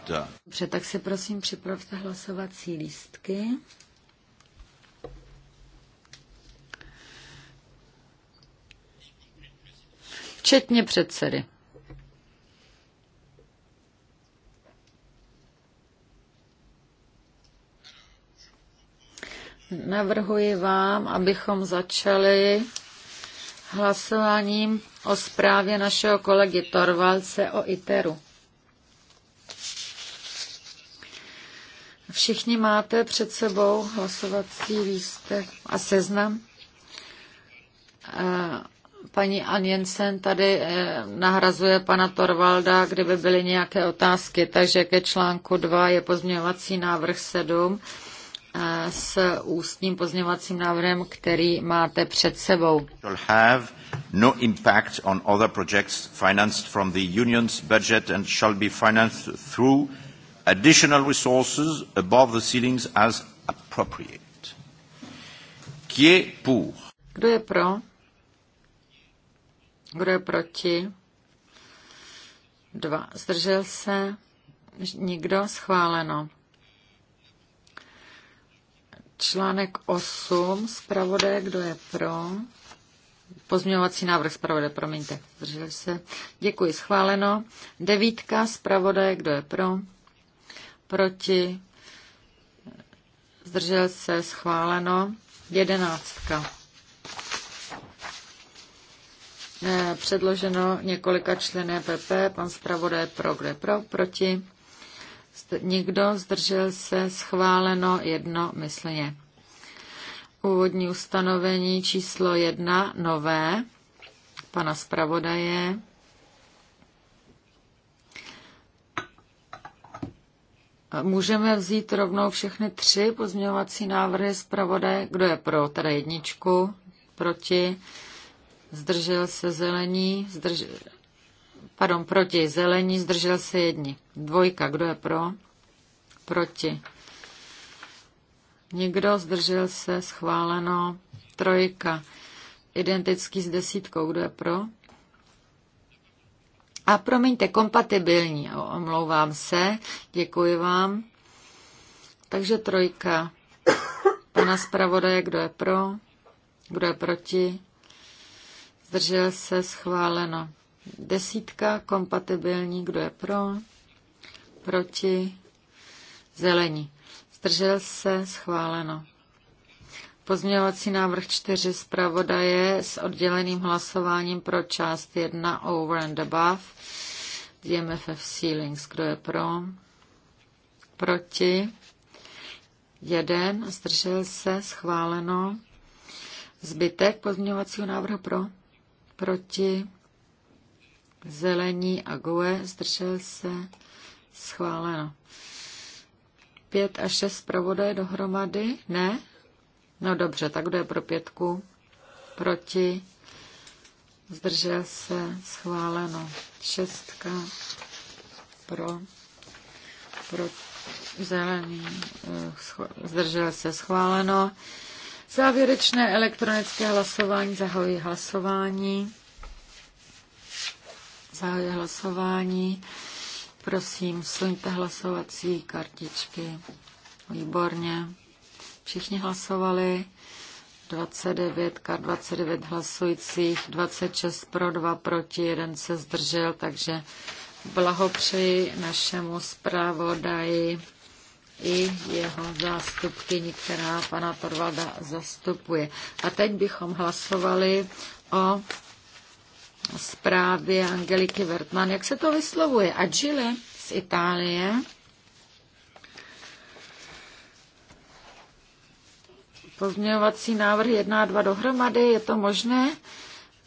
A: Dobře, tak si prosím připravte hlasovací lístky. Včetně předsedy. Navrhuji vám, abychom začali hlasováním o zprávě našeho kolegy Torvalce o ITERu. Všichni máte před sebou hlasovací lístek a seznam. Paní Ann Jensen tady eh, nahrazuje pana Torvalda, kdyby byly nějaké otázky. Takže ke článku 2 je pozměňovací návrh 7 s ústním pozněvacím návrhem, který máte před sebou.
C: Have no impact on other projects financed from the union's budget and shall be financed through additional resources above the ceilings as appropriate. Qui est pour?
A: Kdo je pro? Kdo je proti? Dva. Zdržel se? Nikdo? Schváleno. Článek 8, zpravodaj, kdo je pro? Pozměňovací návrh zpravodaj, promiňte, zdrželi se. Děkuji, schváleno. Devítka, zpravodaj, kdo je pro? Proti? Zdržel se, schváleno. Jedenáctka. Eh, předloženo několika členy PP, pan zpravodaj pro, kdo je pro, proti Nikdo zdržel se schváleno jednomyslně. Úvodní ustanovení číslo jedna nové pana zpravodaje. Můžeme vzít rovnou všechny tři pozměňovací návrhy zpravodaje. Kdo je pro? Teda jedničku, proti, zdržel se zelení, zdržel pardon, proti, zelení, zdržel se jedni. Dvojka, kdo je pro? Proti. Nikdo, zdržel se, schváleno. Trojka, identický s desítkou, kdo je pro? A promiňte, kompatibilní, omlouvám se, děkuji vám. Takže trojka. Pana zpravodaje, kdo je pro? Kdo je proti? Zdržel se, schváleno. Desítka kompatibilní, kdo je pro, proti, zelení. Zdržel se, schváleno. Pozměňovací návrh 4 zpravodaje s odděleným hlasováním pro část 1 over and above. DMFF ceilings, kdo je pro? Proti? Jeden, zdržel se, schváleno. Zbytek pozměňovacího návrhu pro? Proti? zelení a goe zdržel se, schváleno. Pět a šest zpravodaje dohromady? Ne? No dobře, tak kdo je pro pětku? Proti? Zdržel se, schváleno. Šestka pro, pro zelený, eh, zdržel se, schváleno. Závěrečné elektronické hlasování, zahojí hlasování. Zahajuji hlasování. Prosím, suňte hlasovací kartičky. Výborně. Všichni hlasovali. 29 29 hlasujících, 26 pro, 2 proti, 1 se zdržel, takže blahopřeji našemu zpravodaji i jeho zástupkyni, která pana Torvalda zastupuje. A teď bychom hlasovali o zprávy Angeliky Vertman, jak se to vyslovuje. Agile z Itálie pozměňovací návrh 1 a 2 dohromady, je to možné?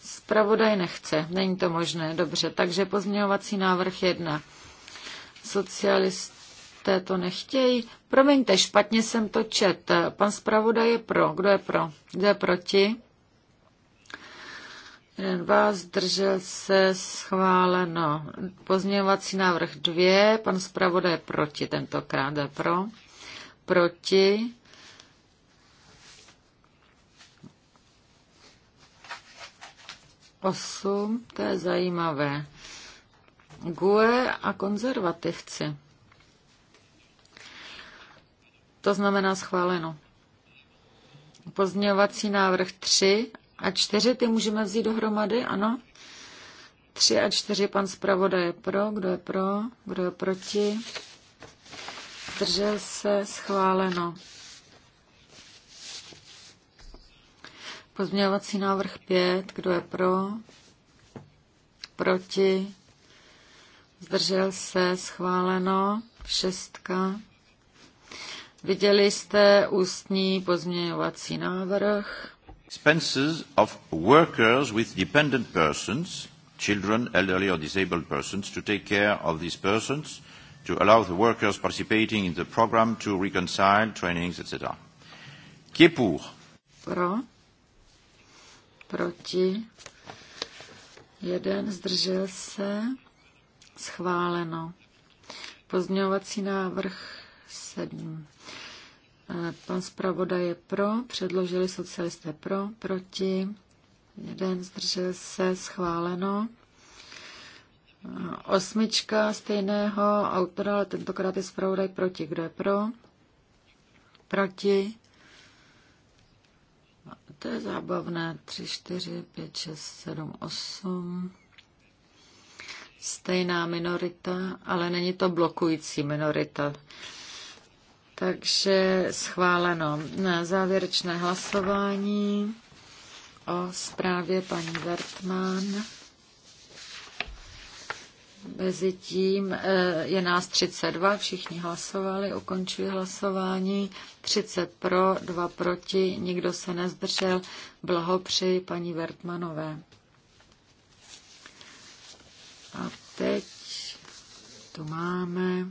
A: Zpravodaj nechce, není to možné, dobře, takže pozměňovací návrh 1. Socialisté to nechtějí. Promiňte, špatně jsem to čet. Pan zpravodaj je pro. Kdo je pro? Kdo je proti? Jeden vás zdržel se schváleno. Pozměňovací návrh dvě, Pan zpravodaj proti tentokrát je pro. Proti. Osm, to je zajímavé. GUE a konzervativci. To znamená schváleno. Pozměňovací návrh 3 a čtyři ty můžeme vzít dohromady, ano. Tři a čtyři pan zpravodaj je pro, kdo je pro, kdo je proti. Držel se, schváleno. Pozměňovací návrh pět. kdo je pro, proti, zdržel se, schváleno, šestka. Viděli jste ústní pozměňovací návrh
C: expenses of workers with dependent persons, children, elderly or disabled persons, to take care of these persons, to allow the workers participating in the program to reconcile trainings, etc. Qui est pour?
A: Pro. Proti. Jeden zdržel se. Schváleno. Pozměňovací návrh 7. Pan zpravodaj je pro, předložili socialisté pro, proti, jeden zdržel se, schváleno. Osmička stejného autora, ale tentokrát je zpravodaj proti. Kdo je pro? Proti. To je zábavné. 3, 4, 5, 6, 7, 8. Stejná minorita, ale není to blokující minorita. Takže schváleno. Závěrečné hlasování o zprávě paní Wertmann. Mezitím eh, je nás 32, všichni hlasovali, ukončuji hlasování. 30 pro, 2 proti, nikdo se nezdržel. Blahopřeji paní Vertmanové. A teď tu máme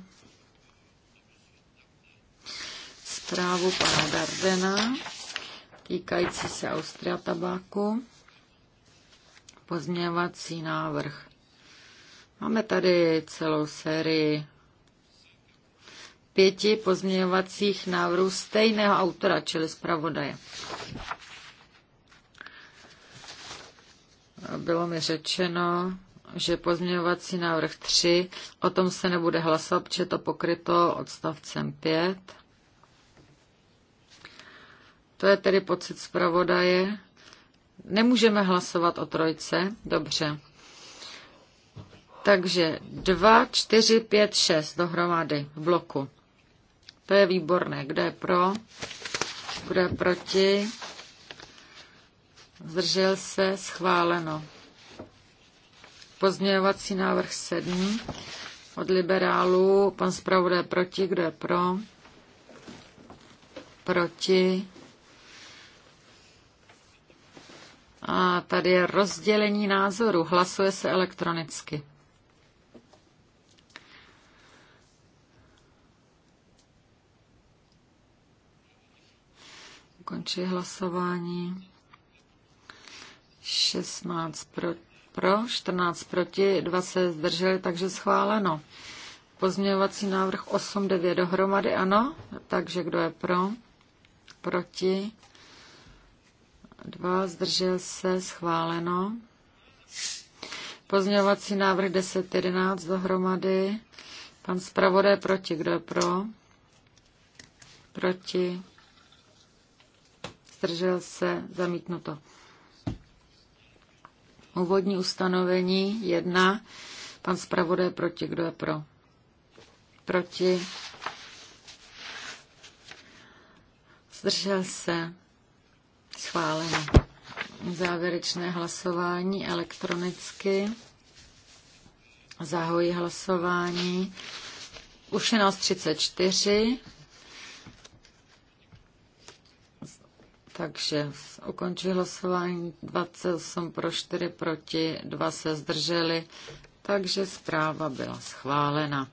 A: zprávu pana Dardena týkající se Austria tabáku. Pozměňovací návrh. Máme tady celou sérii pěti pozměňovacích návrhů stejného autora, čili zpravodaje. Bylo mi řečeno, že pozměňovací návrh 3, o tom se nebude hlasovat, protože je to pokryto odstavcem 5. To je tedy pocit zpravodaje. Nemůžeme hlasovat o trojce, dobře. Takže 2, 4, 5, 6 dohromady v bloku. To je výborné. Kdo je pro? Kdo je proti? Zdržel se? Schváleno. Pozměňovací návrh 7 od liberálů. Pan zpravodaj proti. Kdo je pro? Proti. A tady je rozdělení názoru. Hlasuje se elektronicky. Končí hlasování. 16 pro, pro, 14 proti, 2 se zdrželi, takže schváleno. Pozměňovací návrh 8, 9 dohromady, ano. Takže kdo je pro? Proti? 2, zdržel se, schváleno. Pozměňovací návrh 10.11 dohromady. Pan zpravodaj proti. Kdo je pro? Proti. Zdržel se. Zamítnuto. Úvodní ustanovení 1. Pan zpravodaj proti. Kdo je pro? Proti. Zdržel se. Schváleno. Závěrečné hlasování elektronicky. Zahoji hlasování. Už je nás 34. Takže ukončí hlasování 28 pro 4 proti, 2 se zdrželi, takže zpráva byla schválena.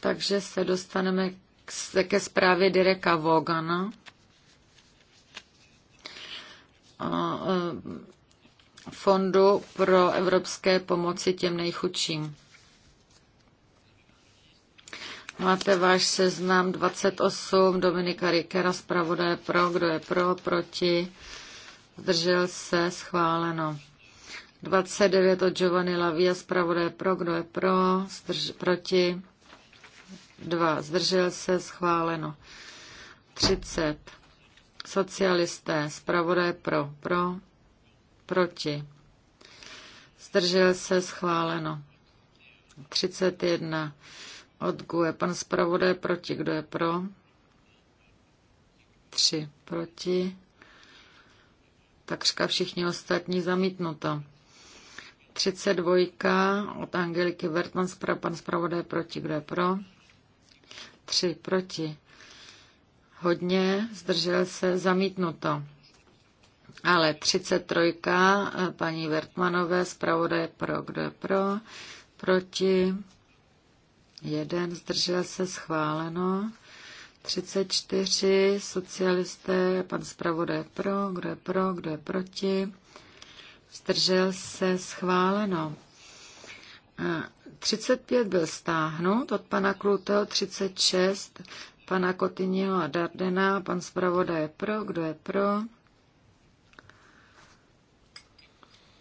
A: Takže se dostaneme k, ke zprávě Direka Vogana. A, e, fondu pro evropské pomoci těm nejchudším. Máte váš seznam 28, Dominika Rikera, zpravodaje pro, kdo je pro, proti, zdržel se, schváleno. 29 od Giovanni Lavia, zpravodaje pro, kdo je pro, zdrž, proti, 2, zdržel se, schváleno. 30, socialisté, zpravodaj pro, pro, proti, zdržel se, schváleno. 31, Odguje. pan zpravodaj proti, kdo je pro? 3, proti, takřka všichni ostatní zamítnuto. 32 od Angeliky Vertman, pan zpravodaj proti, kdo je pro? 3 proti. Hodně zdržel se zamítnuto. Ale 33. paní Vertmanové zpravodaj pro. Kdo je pro? Proti. Jeden zdržel se schváleno. 34 socialisté, pan zpravodaj pro, kdo je pro, kdo je proti. Zdržel se schváleno. 35 byl stáhnut od pana Klutého, 36 pana Kotyního a Dardena. Pan zpravoda je pro. Kdo je pro?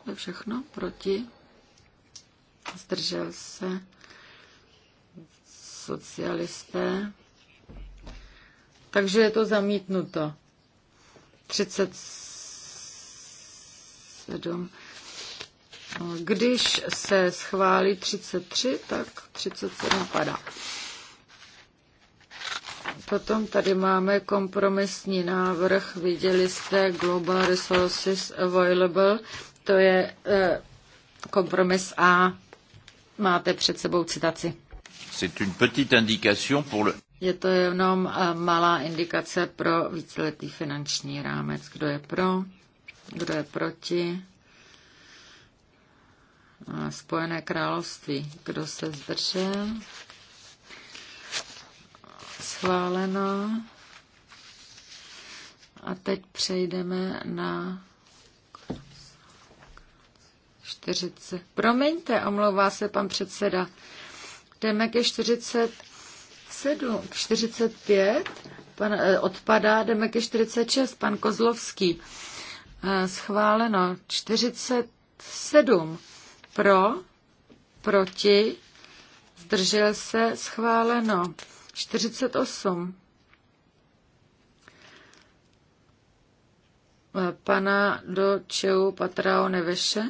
A: To je všechno. Proti? Zdržel se socialisté. Takže je to zamítnuto. 37 když se schválí 33, tak 37 padá. Potom tady máme kompromisní návrh, viděli jste Global Resources Available, to je eh, kompromis A. Máte před sebou citaci.
C: C'est une petite indication pour le...
A: Je to jenom eh, malá indikace pro víceletý finanční rámec. Kdo je pro? Kdo je proti? Spojené království. Kdo se zdržel? Schváleno. A teď přejdeme na 40. Promiňte, omlouvá se pan předseda. Jdeme ke 47, 45, pan, eh, odpadá, jdeme ke 46, pan Kozlovský. Eh, schváleno 47. Pro, proti, zdržel se, schváleno. 48. Pana do Čeu Patrao Neveše?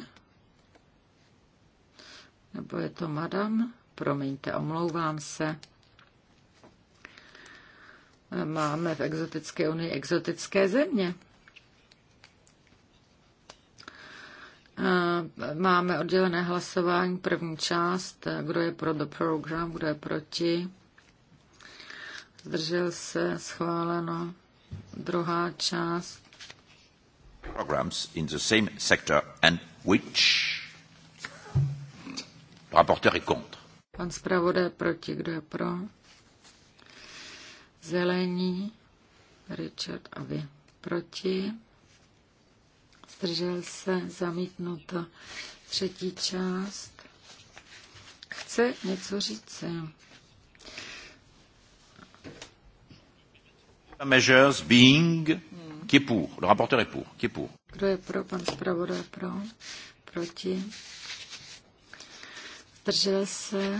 A: Nebo je to madam? Promiňte, omlouvám se. Máme v exotické unii exotické země. Máme oddělené hlasování, první část, kdo je pro do program, kdo je proti. Zdržel se, schváleno. Druhá část.
C: Programs in the same sector and which Rapporteur est contre.
A: Pan zpravodaj proti, kdo je pro? Zelení, Richard a vy proti zdržel se, zamítnuto. Třetí část. Chce něco říct.
C: Measures being, qui est pour, le rapporteur est pour, qui est pour.
A: Kdo je pro, pan zpravodaj pro, proti. Zdržel se,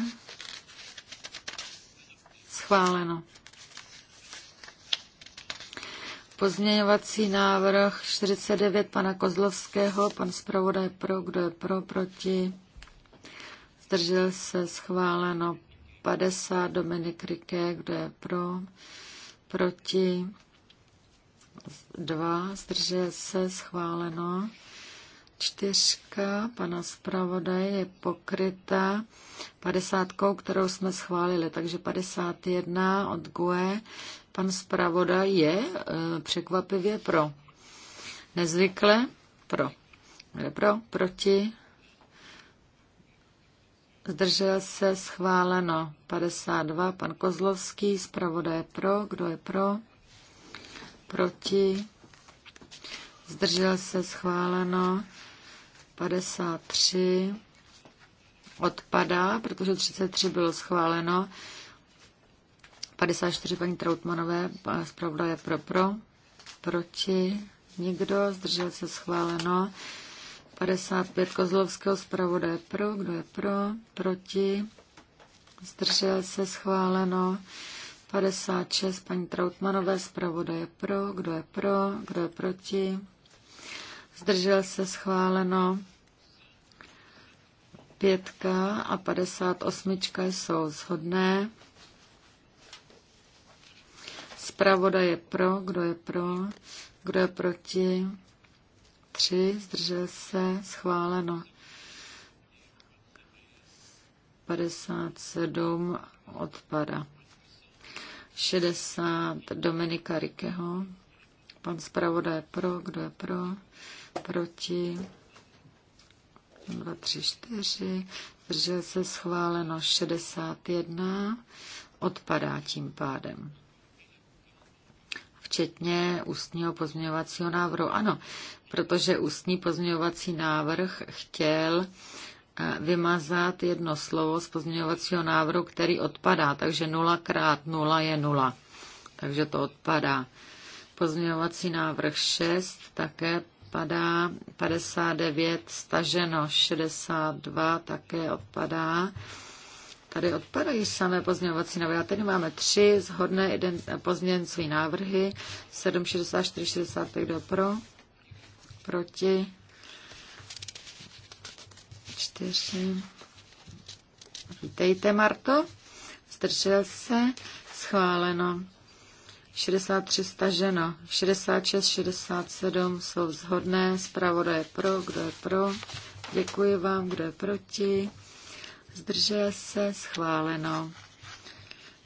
A: schváleno. Pozměňovací návrh 49 pana Kozlovského, pan zpravodaj pro, kdo je pro, proti. Zdržel se schváleno 50 Dominik Riké, kdo je pro, proti. 2, zdržel se schváleno. Čtyřka pana zpravodaj je pokryta padesátkou, kterou jsme schválili. Takže 51 od GUE, Pan zpravodaj je e, překvapivě pro. Nezvykle pro. Pro, proti. Zdržel se schváleno 52. Pan Kozlovský, zpravodaj pro. Kdo je pro? Proti. Zdržel se schváleno 53. Odpadá, protože 33 bylo schváleno. 54 paní Trautmanové, je pro pro, proti, nikdo, zdržel se schváleno. 55 Kozlovského je pro, kdo je pro, proti, zdržel se schváleno. 56 paní Trautmanové, je pro, kdo je pro, kdo je proti, zdržel se schváleno. Pětka a 58 jsou shodné. Zpravodaj je pro, kdo je pro, kdo je proti. Tři, zdržel se, schváleno. 57 odpada. 60 Dominika Rikeho. Pan zpravodaj pro, kdo je pro, proti. 2, 3, 4. Zdržel se schváleno 61. Odpadá tím pádem včetně ústního pozměňovacího návrhu. Ano, protože ústní pozměňovací návrh chtěl eh, vymazat jedno slovo z pozměňovacího návrhu, který odpadá. Takže 0 krát 0 je 0. Takže to odpadá. Pozměňovací návrh 6 také odpadá, 59 staženo, 62 také odpadá tady odpadají samé pozměňovací návrhy. A tady máme tři zhodné eh, pozměňovací návrhy. 764, 65, kdo pro? Proti? Čtyři. Vítejte, Marto. Zdržel se. Schváleno. 63 staženo. 66, 67 jsou zhodné. Zpravodaj pro. Kdo je pro? Děkuji vám. Kdo je proti? zdržel se, schváleno.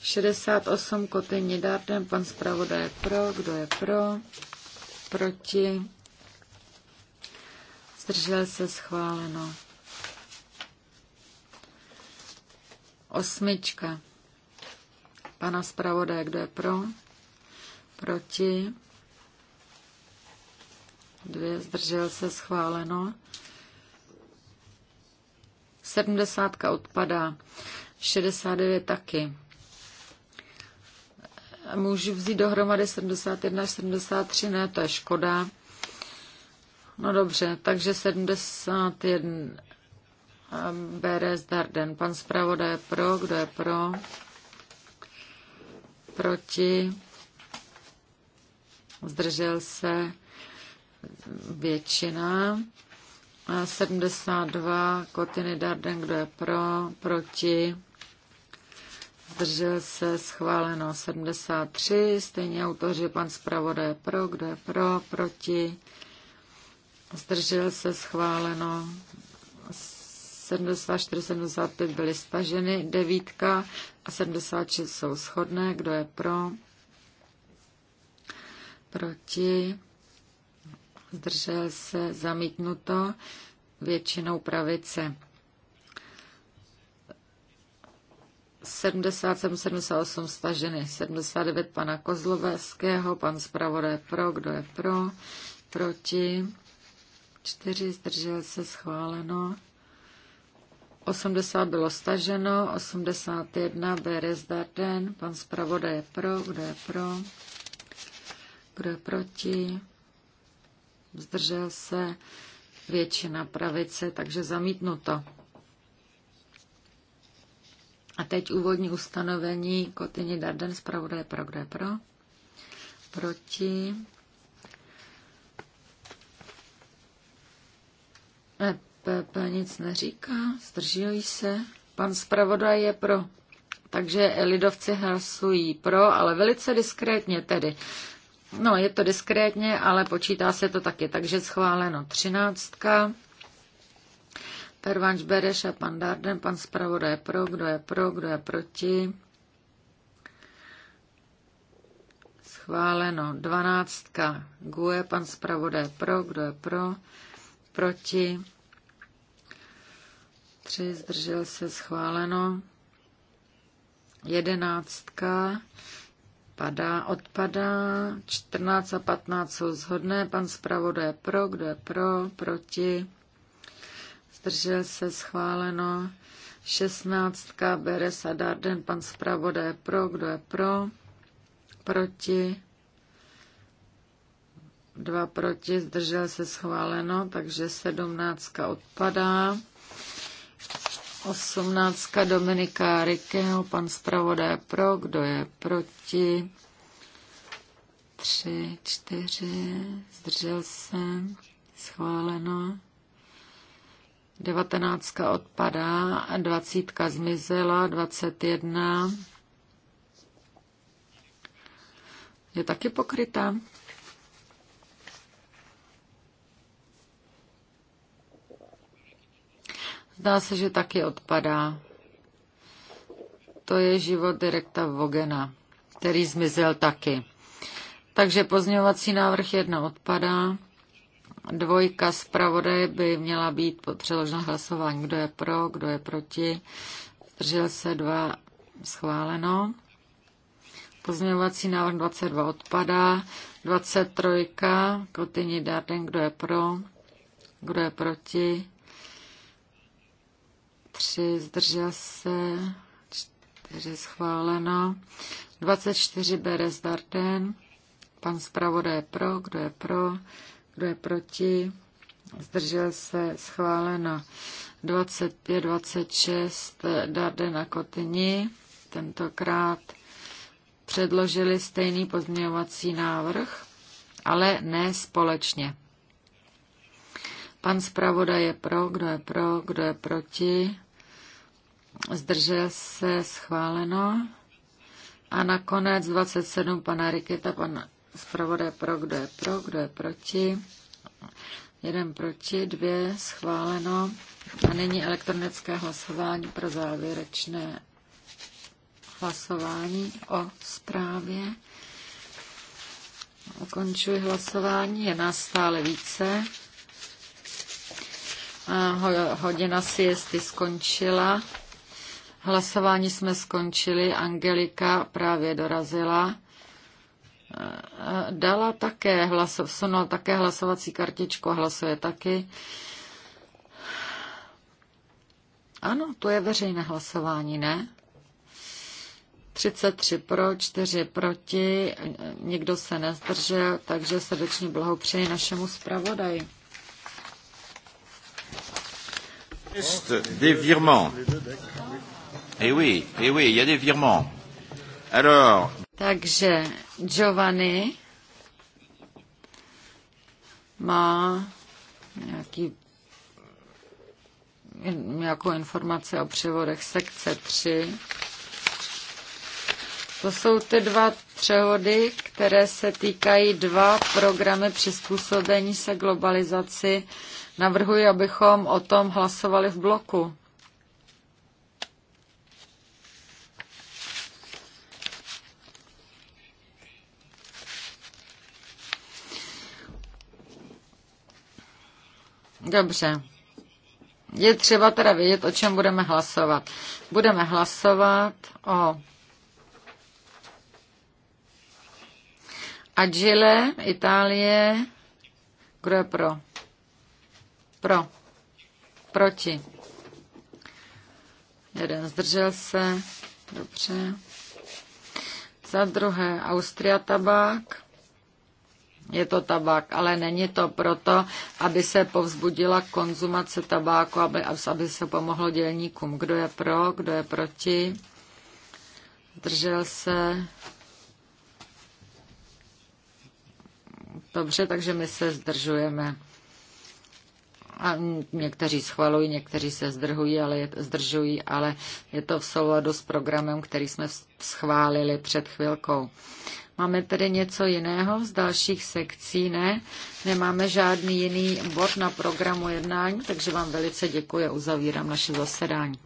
A: 68 koty dárden, pan zpravodaj pro, kdo je pro, proti, zdržel se, schváleno. Osmička. Pana zpravodaje, kdo je pro? Proti? Dvě, zdržel se, schváleno. 70 odpadá, 69 taky. Můžu vzít dohromady 71 až 73, ne, to je škoda. No dobře, takže 71 Beres Darden. Pan zpravodaj je pro, kdo je pro? Proti? Zdržel se většina. 72, Kotiny Darden, kdo je pro, proti, zdržel se, schváleno 73, stejně autoři, pan zpravodaj pro, kdo je pro, proti, zdržel se, schváleno 74, 75 byly staženy, devítka a 76 jsou shodné, kdo je pro, proti, zdržel se, zamítnuto většinou pravice. 77, 78 staženy, 79 pana Kozlovského, pan zpravodaj pro, kdo je pro, proti, 4 zdržel se schváleno, 80 bylo staženo, 81 Beres Darden, pan zpravodaj je pro, kdo je pro, kdo je proti, zdržel se, většina pravice, takže zamítnuto. A teď úvodní ustanovení Kotyni Darden, zpravodaj pro, kde pro? Proti. EPP nic neříká, zdržují se. Pan zpravodaj je pro. Takže lidovci hlasují pro, ale velice diskrétně tedy. No, je to diskrétně, ale počítá se to taky, takže schváleno třináctka. Pervanč Bereš a pan Darden, pan zpravodaj je pro, kdo je pro, kdo je proti. Schváleno dvanáctka. Gue, pan zpravodaj je pro, kdo je pro, proti. Tři, zdržel se, schváleno. Jedenáctka padá, odpadá. 14 a 15 jsou zhodné. Pan zpravodaj pro, kdo je pro, proti. Zdržel se schváleno. 16. Beres a Darden, pan zpravodaj pro, kdo je pro, proti. Dva proti, zdržel se schváleno, takže sedmnáctka odpadá. Osmnáctka Dominika Rikel, pan zpravodaj pro, kdo je proti? Tři, čtyři, zdržel se, schváleno. Devatenáctka odpadá, dvacítka zmizela, dvacet jedna. Je taky pokrytá. Zdá se, že taky odpadá. To je život direkta Vogena, který zmizel taky. Takže pozměňovací návrh jedna odpadá. Dvojka zpravodaje by měla být předložena hlasování. Kdo je pro, kdo je proti. Zdržel se dva schváleno. Pozměňovací návrh 22 odpadá. 23. Kotyni Darden, kdo je pro, kdo je proti. 3, zdržel se, 4 schváleno, 24 z Darden, pan zpravodaj je pro, kdo je pro, kdo je proti, zdržel se, schváleno, 25, 26 Darden a Kotyni, tentokrát předložili stejný pozměňovací návrh, ale ne společně. Pan zpravodaj je pro, kdo je pro, kdo je proti zdržel se schváleno. A nakonec 27 pana Riketa, pan zpravodaj pro, kdo je pro, kdo je proti. Jeden proti, dvě schváleno. A nyní elektronické hlasování pro závěrečné hlasování o zprávě. Ukončuji hlasování, je nás stále více. A hodina jestli skončila. Hlasování jsme skončili, Angelika právě dorazila. Eh, dala také, hlaso, vsunula také hlasovací kartičku a hlasuje taky. Ano, to je veřejné hlasování, ne? 33 pro, 4 proti, nikdo se nezdržel, takže srdečně blahopřeji našemu zpravodaji. Des virements
C: Eh oui, eh oui, il y a des virements. Alors...
A: Takže Giovanni má nějaký nějakou informaci o převodech sekce 3. To jsou ty dva převody, které se týkají dva programy přizpůsobení se globalizaci. Navrhuji, abychom o tom hlasovali v bloku. Dobře. Je třeba teda vědět, o čem budeme hlasovat. Budeme hlasovat o Agile, Itálie. Kdo je pro? Pro. Proti. Jeden zdržel se. Dobře. Za druhé Austria tabák je to tabák, ale není to proto, aby se povzbudila konzumace tabáku, aby, aby se pomohlo dělníkům. Kdo je pro, kdo je proti? Držel se. Dobře, takže my se zdržujeme. A někteří schvalují, někteří se zdrhují, ale je, zdržují, ale je to v souladu s programem, který jsme schválili před chvilkou. Máme tedy něco jiného z dalších sekcí, ne? Nemáme žádný jiný bod na programu jednání, takže vám velice děkuji a uzavírám naše zasedání.